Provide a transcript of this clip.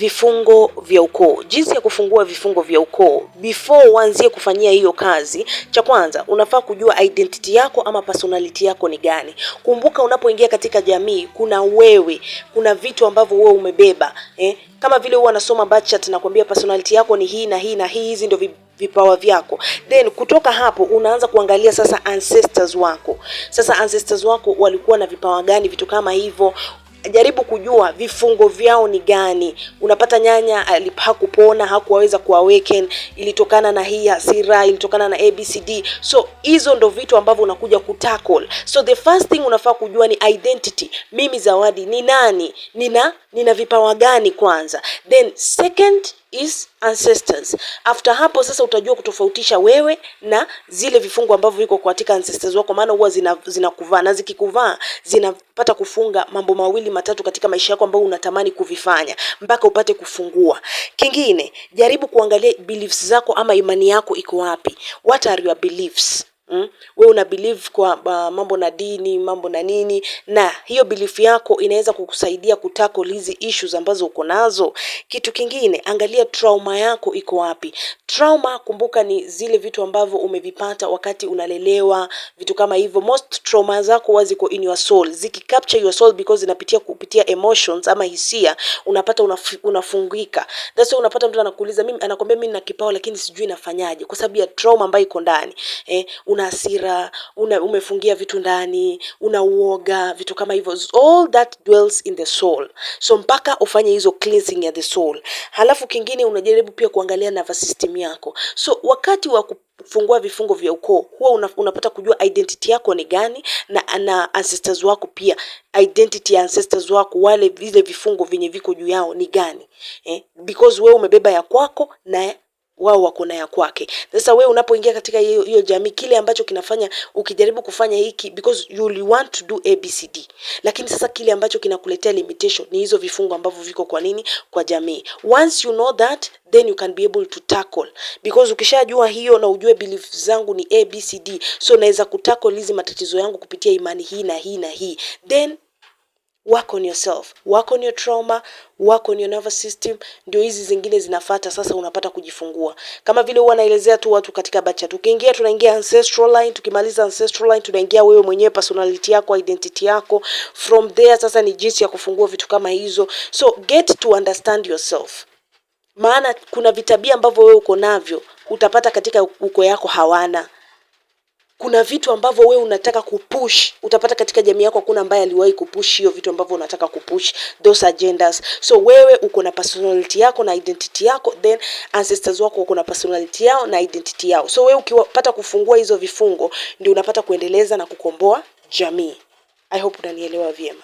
vifungo vya ukoo. Jinsi ya kufungua vifungo vya ukoo, before uanzie kufanyia hiyo kazi, cha kwanza unafaa kujua identity yako ama personality yako ni gani. Kumbuka unapoingia katika jamii, kuna wewe, kuna vitu ambavyo wewe umebeba eh? Kama vile huwa anasoma birth chart na kuambia personality yako ni hii na hii na hii, hizi ndio vipawa vyako. Then kutoka hapo unaanza kuangalia sasa ancestors wako. Sasa ancestors wako walikuwa na vipawa gani, vitu kama hivyo jaribu kujua vifungo vyao ni gani. Unapata nyanya ah, hakupona, hakuwaweza kuawaken, ilitokana na hii hasira, ilitokana na ABCD. So hizo ndo vitu ambavyo unakuja kutackle. So the first thing unafaa kujua ni identity, mimi Zawadi ni nani, nina nina vipawa gani kwanza, then second his ancestors. After hapo sasa utajua kutofautisha wewe na zile vifungo ambavyo viko katika ancestors wako, maana huwa zinakuvaa zina na zikikuvaa zinapata kufunga mambo mawili matatu katika maisha yako ambayo unatamani kuvifanya mpaka upate kufungua. Kingine, jaribu kuangalia beliefs zako ama imani yako iko wapi. What are your beliefs? Mm? We una believe kwa uh, mambo na dini, mambo na nini, na hiyo belief yako inaweza kukusaidia kutako hizi issues ambazo uko nazo. Kitu kingine, angalia trauma yako iko wapi. Trauma kumbuka, ni zile vitu ambavyo umevipata wakati unalelewa, vitu kama hivyo. Most trauma zako huwa ziko in your soul, ziki capture your soul because zinapitia kupitia emotions ama hisia, unapata unaf unafungika. That's why unapata mtu anakuuliza, mimi anakwambia mimi nina kipawa lakini sijui nafanyaje, kwa sababu ya trauma ambayo iko ndani eh, una una hasira, una umefungia vitu ndani, una uoga, vitu kama hivyo. All that dwells in the soul. So mpaka ufanye hizo cleansing ya the soul. Halafu kingine unajaribu pia kuangalia nervous system yako. So wakati wa fungua vifungo vya ukoo huwa unapata kujua identity yako ni gani, na na ancestors wako pia, identity ya ancestors wako, wale vile vifungo vyenye viko juu yao ni gani eh? Because wewe umebeba ya kwako na wao wako na ya kwake. Sasa wewe unapoingia katika hiyo jamii, kile ambacho kinafanya ukijaribu kufanya hiki because you want to do ABCD, lakini sasa kile ambacho kinakuletea limitation ni hizo vifungo ambavyo viko kwa nini kwa jamii. Once you know that then you can be able to tackle because ukishajua hiyo na ujue belief zangu ni ABCD, so naweza kutackle hizi matatizo yangu kupitia imani hii na hii na hii then work on yourself, work on your trauma, work on your nervous system, ndio hizi zingine zinafata. Sasa unapata kujifungua. Kama vile huwa naelezea tu watu katika bacha, tukiingia tunaingia ancestral line, tukimaliza ancestral line tunaingia wewe mwenyewe, personality yako, identity yako. From there sasa ni jinsi ya kufungua vitu kama hizo, so get to understand yourself, maana kuna vitabia ambavyo wewe uko navyo utapata katika uko yako hawana kuna vitu ambavyo wewe unataka kupush, utapata katika jamii yako hakuna ambaye aliwahi kupush hiyo vitu ambavyo unataka kupush, those agendas. So wewe uko na personality yako na identity yako, then ancestors wako uko na personality yao na identity yao. So wewe ukipata kufungua hizo vifungo, ndio unapata kuendeleza na kukomboa jamii. I hope unanielewa vyema.